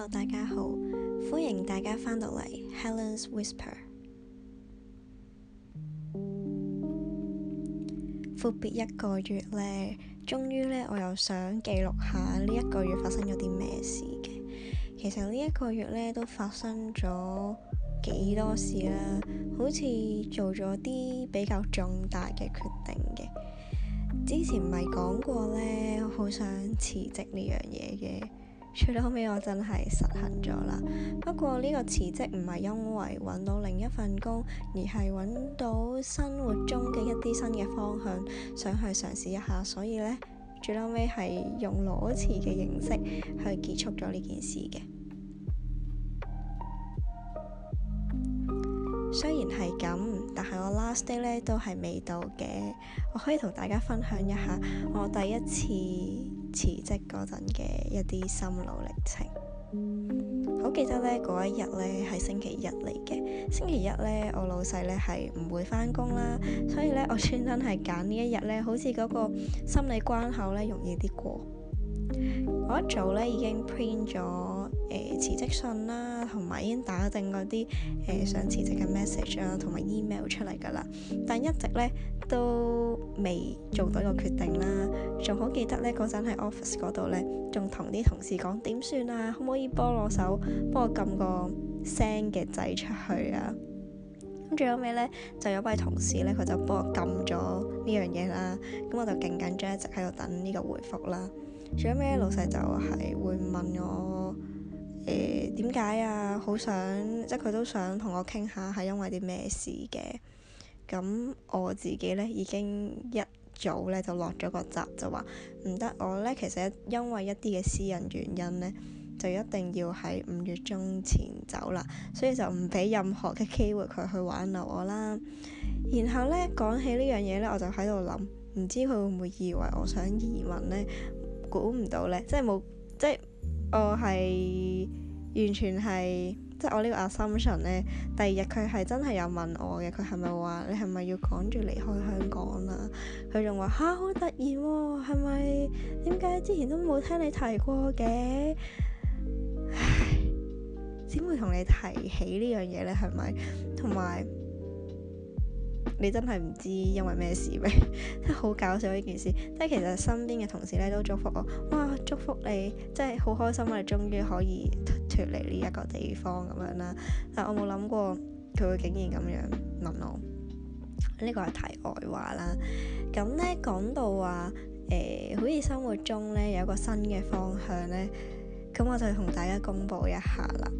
Hello, 大家好，歡迎大家翻到嚟 Helen's Whisper。闊別一個月咧，終於咧，我又想記錄下呢一個月發生咗啲咩事嘅。其實呢一個月咧都發生咗幾多事啦，啊，好似做咗啲比較重大嘅決定嘅。之前咪講過咧，好想辭職呢樣嘢嘅。最後尾我真係實行咗啦，不過呢個辭職唔係因為揾到另一份工，而係揾到生活中嘅一啲新嘅方向想去嘗試一下，所以呢，最後尾係用裸辭嘅形式去結束咗呢件事嘅。雖然係咁，但係我 last day 呢都係未到嘅，我可以同大家分享一下我第一次。辭職嗰陣嘅一啲心路歷程，好記得呢，嗰一日呢係星期一嚟嘅。星期一呢，我老細呢係唔會返工啦，所以呢，我專登係揀呢一日呢，好似嗰個心理關口呢容易啲過。我一早呢已經 print 咗。誒、呃，辭職信啦，同埋已經打定嗰啲誒想辭職嘅 message 啊，同埋 email 出嚟噶啦，但一直咧都未做到一個決定啦，仲好記得咧嗰陣喺 office 嗰度咧，仲同啲同事講點算啊，可唔可以幫我手幫我撳個 send 嘅掣出去啊？咁最後尾咧，就有位同事咧，佢就幫我撳咗呢樣嘢啦，咁我就勁緊張一直喺度等呢個回覆啦。最後尾，老細就係會問我。誒，點解啊？好想即係佢都想同我傾下，係因為啲咩事嘅？咁我自己咧已經一早咧就落咗個閘，就話唔得。我咧其實因為一啲嘅私人原因咧，就一定要喺五月中前走啦，所以就唔俾任何嘅機會佢去挽留我啦。然後咧講起呢樣嘢咧，我就喺度諗，唔知佢會唔會以為我想移民咧？估唔到咧，即係冇即係。我係完全係即係我呢個 assumption 咧，第二日佢係真係有問我嘅，佢係咪話你係咪要趕住離開香港啊？佢仲話吓，好突然喎、哦，係咪點解之前都冇聽你提過嘅？唉，點會同你提起呢樣嘢咧？係咪同埋？你真係唔知因為咩事咩，真係好搞笑呢件事。即係其實身邊嘅同事咧都祝福我，哇，祝福你，即係好開心啊！你終於可以脫離呢一個地方咁樣啦。但我冇諗過佢會竟然咁樣問我，呢個係題外話啦。咁咧講到話誒、呃，好似生活中咧有一個新嘅方向咧，咁我就同大家公佈一下啦。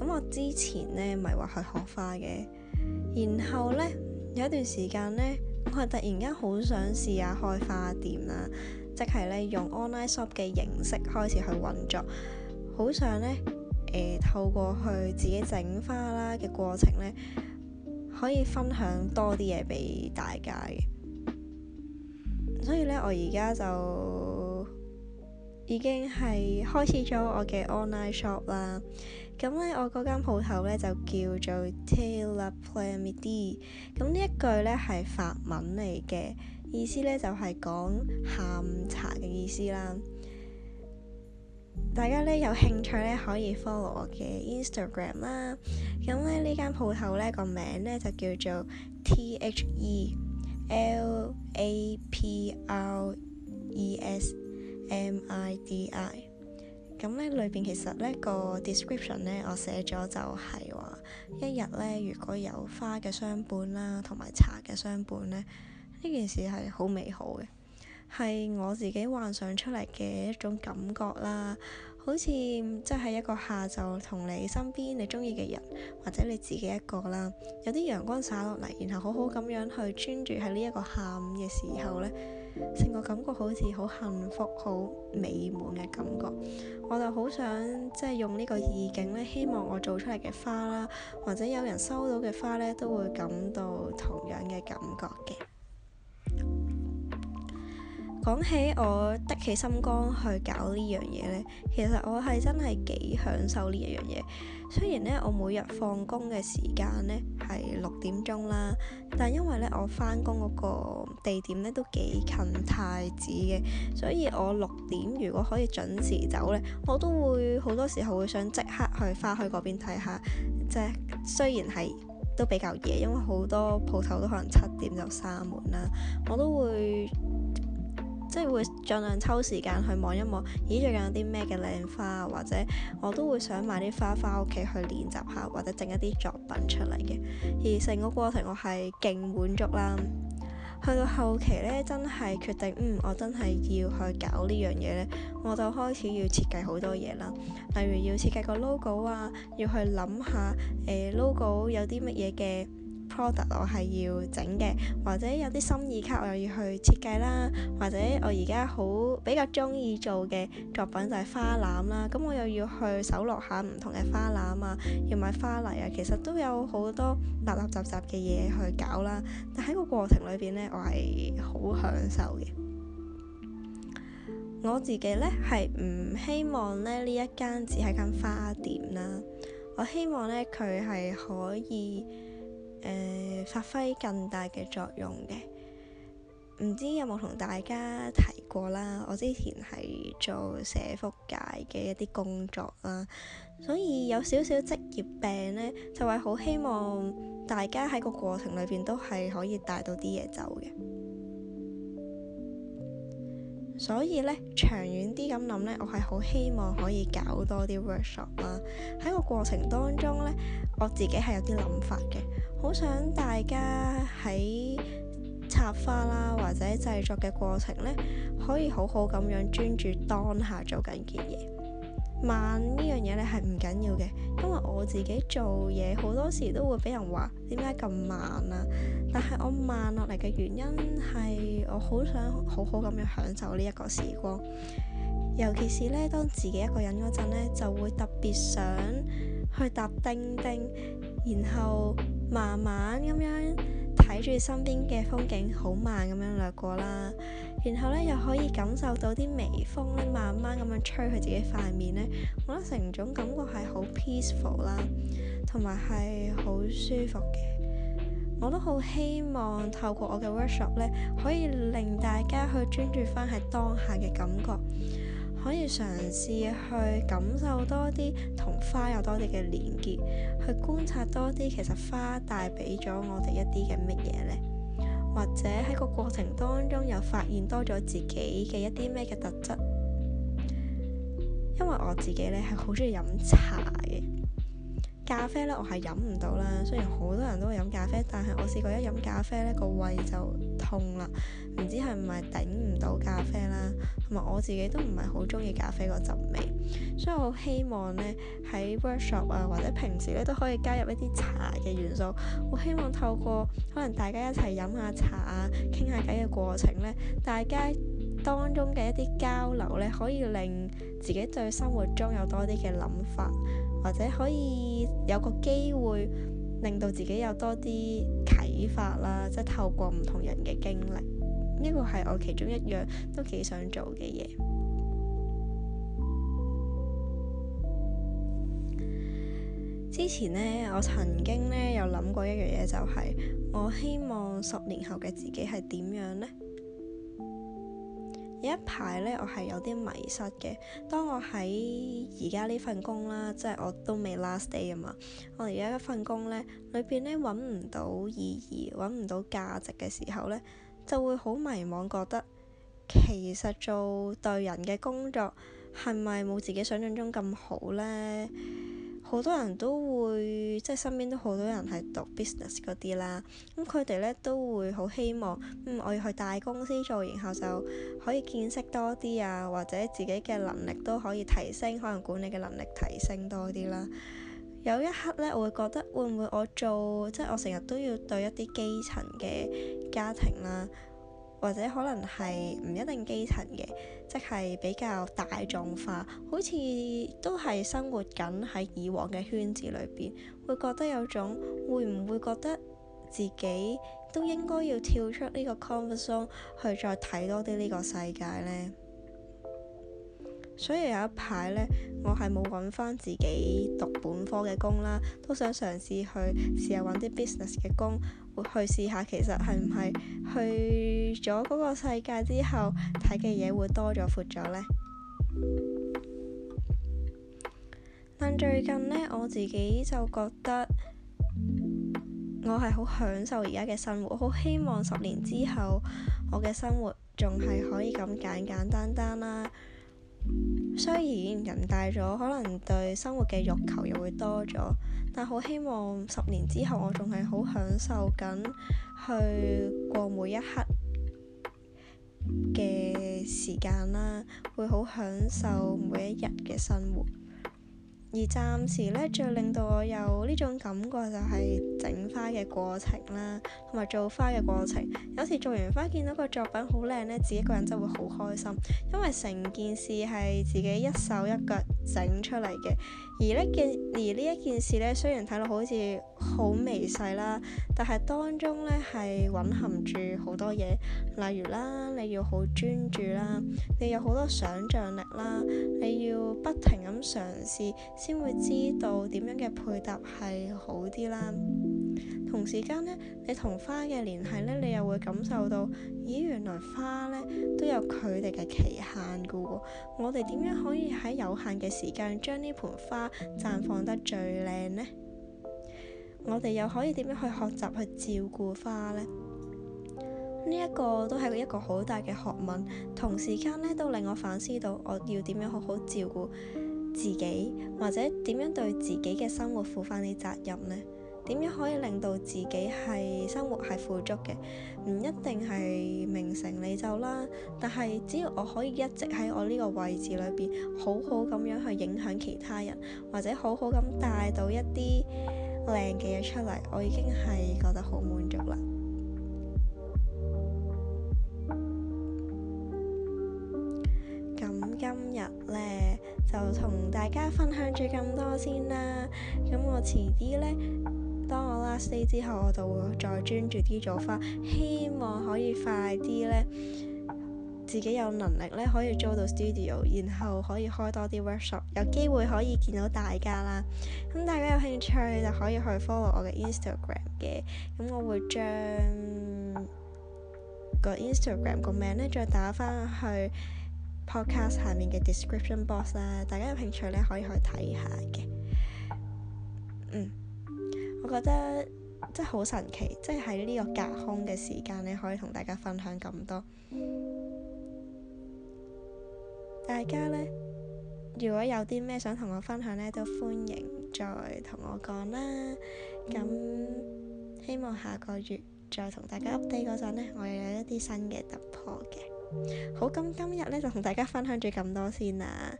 咁我之前咧咪話去學花嘅，然後咧。有一段時間呢，我係突然間好想試下開花店啦，即係咧用 online shop 嘅形式開始去運作，好想呢、呃，透過去自己整花啦嘅過程呢，可以分享多啲嘢俾大家嘅，所以呢，我而家就。已經係開始咗我嘅 online shop 啦。咁咧，我嗰間鋪頭咧就叫做 Taleaprimidi。咁呢一句咧係法文嚟嘅，意思咧就係講下午茶嘅意思啦。大家咧有興趣咧可以 follow 我嘅 Instagram 啦。咁咧呢間鋪頭咧個名咧就叫做 The Lapres。MIDI，咁咧裏邊其實呢個 description 咧我寫咗就係話，一日咧如果有花嘅相伴啦，同埋茶嘅相伴咧，呢件事係好美好嘅，係我自己幻想出嚟嘅一種感覺啦，好似即係一個下晝同你身邊你中意嘅人，或者你自己一個啦，有啲陽光灑落嚟，然後好好咁樣去專注喺呢一個下午嘅時候咧。成個感覺好似好幸福、好美滿嘅感覺，我就好想即係、就是、用呢個意境咧，希望我做出嚟嘅花啦，或者有人收到嘅花咧，都會感到同樣嘅感覺嘅。講起我滴起心肝去搞呢樣嘢呢，其實我係真係幾享受呢一樣嘢。雖然呢，我每日放工嘅時間呢係六點鐘啦，但因為呢，我翻工嗰個地點呢都幾近太子嘅，所以我六點如果可以準時走呢，我都會好多時候會想即刻去翻去嗰邊睇下。即係雖然係都比較夜，因為好多鋪頭都可能七點就閂門啦，我都會。即係會盡量抽時間去望一望，咦，最近有啲咩嘅靚花，或者我都會想買啲花翻屋企去練習下，或者整一啲作品出嚟嘅。而成個過程我係勁滿足啦。去到後期呢，真係決定，嗯，我真係要去搞呢樣嘢呢，我就開始要設計好多嘢啦，例如要設計個 logo 啊，要去諗下誒、呃、logo 有啲乜嘢嘅。Product 我係要整嘅，或者有啲心意卡我又要去設計啦，或者我而家好比較中意做嘅作品就係花籃啦。咁我又要去搜羅下唔同嘅花籃啊，要買花泥啊，其實都有好多立立雜雜嘅嘢去搞啦。但喺個過程裏邊呢，我係好享受嘅。我自己呢係唔希望呢呢一間只係間花店啦，我希望呢佢係可以。誒、呃、發揮更大嘅作用嘅，唔知有冇同大家提過啦？我之前係做社福界嘅一啲工作啦，所以有少少職業病呢，就係好希望大家喺個過程裏邊都係可以帶到啲嘢走嘅。所以咧，長遠啲咁諗咧，我係好希望可以搞多啲 workshop 啦、啊。喺個過程當中咧，我自己係有啲諗法嘅，好想大家喺插花啦或者製作嘅過程咧，可以好好咁樣專注當下做緊件嘢。慢呢樣嘢咧係唔緊要嘅，因為我自己做嘢好多時都會俾人話點解咁慢啊！但係我慢落嚟嘅原因係我好想好好咁樣享受呢一個時光，尤其是咧當自己一個人嗰陣咧，就會特別想去搭叮叮，然後慢慢咁樣睇住身邊嘅風景好慢咁樣掠過啦。然後咧，又可以感受到啲微風咧，慢慢咁樣吹去自己塊面咧，我覺得成種感覺係好 peaceful 啦，同埋係好舒服嘅。我都好希望透過我嘅 workshop 咧，可以令大家去專注翻喺當下嘅感覺，可以嘗試去感受多啲同花有多啲嘅連結，去觀察多啲其實花帶俾咗我哋一啲嘅乜嘢呢。或者喺個過程當中又發現多咗自己嘅一啲咩嘅特質，因為我自己咧係好中意飲茶嘅。咖啡咧，我係飲唔到啦。雖然好多人都會飲咖啡，但係我試過一飲咖啡咧，個胃就痛啦。唔知係唔係頂唔到咖啡啦，同埋我自己都唔係好中意咖啡嗰陣味。所以我好希望呢，喺 workshop 啊，或者平時咧，都可以加入一啲茶嘅元素。我希望透過可能大家一齊飲下茶啊，傾下偈嘅過程呢，大家。當中嘅一啲交流咧，可以令自己對生活中有多啲嘅諗法，或者可以有個機會令到自己有多啲啟發啦。即係透過唔同人嘅經歷，呢個係我其中一樣都幾想做嘅嘢。之前呢，我曾經呢有諗過一樣嘢，就是，就係我希望十年後嘅自己係點樣呢？有一排咧，我係有啲迷失嘅。當我喺而家呢份工啦，即係我都未 last day 啊嘛。我而家一份工呢，裏邊，呢揾唔到意義，揾唔到價值嘅時候呢，就會好迷茫，覺得其實做對人嘅工作係咪冇自己想像中咁好呢？好多人都會即係身邊都好多人係讀 business 嗰啲啦，咁佢哋咧都會好希望，嗯，我要去大公司做，然後就可以見識多啲啊，或者自己嘅能力都可以提升，可能管理嘅能力提升多啲啦。有一刻咧，我會覺得會唔會我做即係我成日都要對一啲基層嘅家庭啦？或者可能係唔一定基層嘅，即係比較大眾化，好似都係生活緊喺以往嘅圈子裏邊，會覺得有種，會唔會覺得自己都應該要跳出呢個 comfort zone 去再睇多啲呢個世界呢？所以有一排呢，我係冇揾翻自己讀本科嘅工啦，都想嘗試去試下揾啲 business 嘅工，去試下其實係唔係去咗嗰個世界之後睇嘅嘢會多咗、闊咗呢？但最近呢，我自己就覺得我係好享受而家嘅生活，好希望十年之後我嘅生活仲係可以咁簡簡單單啦。雖然人大咗，可能對生活嘅欲求又會多咗，但好希望十年之後我仲係好享受緊，去過每一刻嘅時間啦，會好享受每一日嘅生活。而暫時呢，最令到我有呢種感覺就係整花嘅過程啦，同埋做花嘅過程。有時做完花，見到個作品好靚呢，自己一個人真係會好開心，因為成件事係自己一手一腳，整出嚟嘅，而呢件而呢一件事呢，雖然睇落好似好微細啦，但係當中呢係藴含住好多嘢，例如啦，你要好專注啦，你有好多想像力啦，你要不停咁嘗試，先會知道點樣嘅配搭係好啲啦。同時間呢，你同花嘅聯繫呢，你又會感受到，咦，原來花呢都有佢哋嘅期限㗎喎。我哋點樣可以喺有限嘅時間將呢盆花綻放得最靚呢？我哋又可以點樣去學習去照顧花呢？呢一個都係一個好大嘅學問。同時間呢，都令我反思到，我要點樣好好照顧自己，或者點樣對自己嘅生活負翻啲責任呢？點樣可以令到自己係生活係富足嘅？唔一定係名成利就啦，但係只要我可以一直喺我呢個位置裏邊，好好咁樣去影響其他人，或者好好咁帶到一啲靚嘅嘢出嚟，我已經係覺得好滿足啦。咁今日呢，就同大家分享咗咁多先啦。咁我遲啲呢。當我 last day 之後，我就會再專注啲做翻，希望可以快啲咧，自己有能力咧可以租到 studio，然後可以開多啲 workshop，有機會可以見到大家啦。咁大家有興趣就可以去 follow 我嘅 Instagram 嘅，咁我會將個 Instagram 個名咧再打翻去 podcast 下面嘅 description box 啦。大家有興趣咧可以去睇下嘅，嗯。覺得真係好神奇，即係喺呢個隔空嘅時間咧，可以同大家分享咁多。大家呢，如果有啲咩想同我分享呢，都歡迎再同我講啦。咁希望下個月再同大家 update 嗰陣咧，我又有一啲新嘅突破嘅。好，咁今日呢，就同大家分享咗咁多先啦。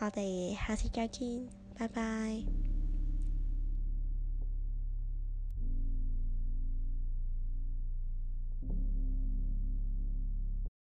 我哋下次再見，拜拜。